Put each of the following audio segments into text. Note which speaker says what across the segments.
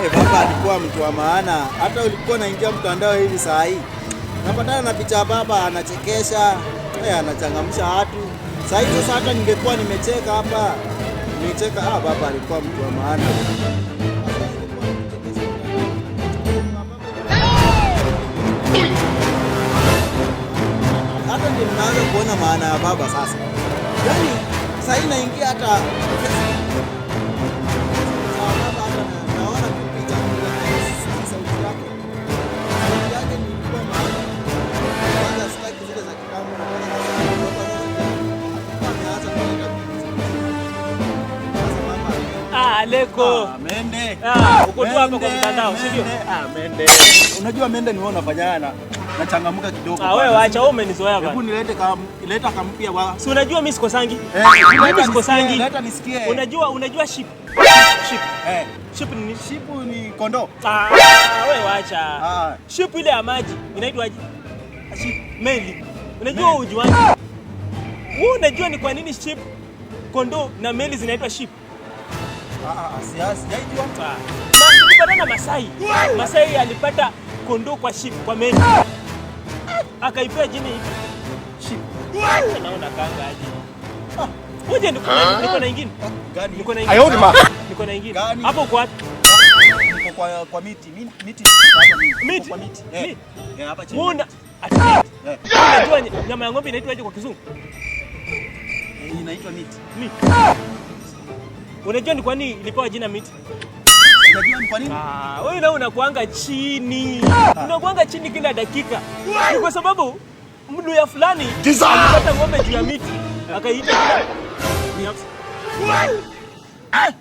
Speaker 1: Hey, baba alikuwa mtu wa maana. Hata ulikuwa unaingia mtandao hivi saa hii napatana na picha ya baba, anachekesha hey, anachangamsha watu saa hii. Sasa hata ningekuwa nimecheka hapa nimecheka. Ah, baba alikuwa mtu wa maana. Hata ndio ninaanza kuona maana ya baba sasa, yaani saa hii naingia hata Aleko. Mende.
Speaker 2: Ah, uko tu hapa kwa mtandao, si ndio?
Speaker 1: Ah, mende. Unajua mende ni wewe unafanyana na changamuka kidogo.
Speaker 2: Ah, wewe acha wewe umenizoea bana.
Speaker 1: Hebu nilete kama nileta kampia wa.
Speaker 2: Si unajua mimi siko sangi?
Speaker 1: Eh, Mimi siko sangi. Leta nisikie.
Speaker 2: Unajua unajua ship. Ship. Eh. Ship ni
Speaker 1: ship ni kondoo.
Speaker 2: Ah, wewe acha. Ah. Ship ile ya maji inaitwa ah, ship meli. Unajua ujuani? Wewe unajua ni kwa nini ship kondoo na meli zinaitwa ship? Tulipatana na Masai. Masai alipata kondoo kwa ship kwa meli, akaipea jini sheep. Naona kanga aje. Ngoja ah. niko na ingine. Gani? Niko na ingine. Niko na ingine. Hapo kwa
Speaker 1: kwa kwa miti. Miti.
Speaker 2: Miti. Kwa miti. Eh. eh. Hapa chini. Mbona? Eh. Unajua nyama ya ng'ombe inaitwa aje kwa kizungu?
Speaker 1: Eh, inaitwa miti.
Speaker 2: Miti. Unajua ni kwa nini ilipewa jina miti? Unajua ni kwa nini? Ah, wewe na unakuanga chini. Ah. Unakuanga chini kila dakika. Ni kwa sababu mdu ya fulani alipata ng'ombe juu ya miti. Akaiita Ah. Eh?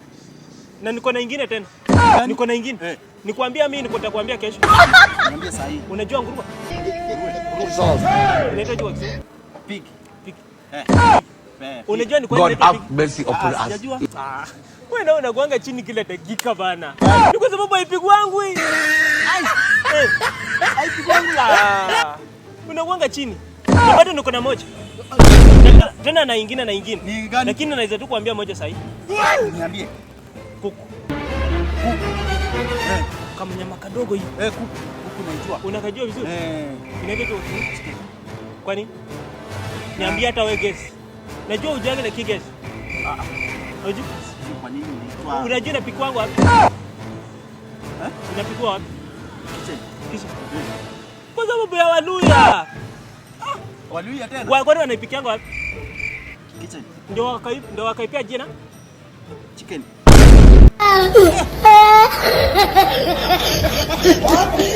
Speaker 2: Na niko na ingine tena. Eh. Niko na ingine. Eh. Nikwambia mimi niko nitakwambia kesho. Niambia sasa hivi. Unajua nguruwe? Nguruwe. Inaitwa jua. Pig. Pig. Eh. Eh. Unajua ni kwa
Speaker 3: nini God have mercy upon us.
Speaker 2: Wewe ndio unakuanga chini kila dakika bana. Ah. Ni kwa sababu haipigwi hii. Eh, haipigwi la. Ah. Unakuanga chini. Na ah. bado niko na moja. Tena na ingine na ingine. Lakini naweza tu kuambia moja sahihi. Niambie. Kuku. Eh, kama nyama kadogo hivi.
Speaker 1: Eh, kuku. Kuku naijua.
Speaker 2: Unakajua vizuri? Eh. Inaitwa kuku. Kwani? Niambie hata wewe guess. Najua ujanga na Kigesh. Ah, ah. Unajua kwa nini unaitwa? Unajua napikwa wapi? Eh? Unapikwa wapi?
Speaker 1: Kitchen. Kitchen.
Speaker 2: Kwa sababu ya Waluya. Ah. Waluya tena. Wao kwani wanaipikia wapi? Kitchen. Ndio wakaip ndio wakaipia jina?
Speaker 1: Chicken. Ah.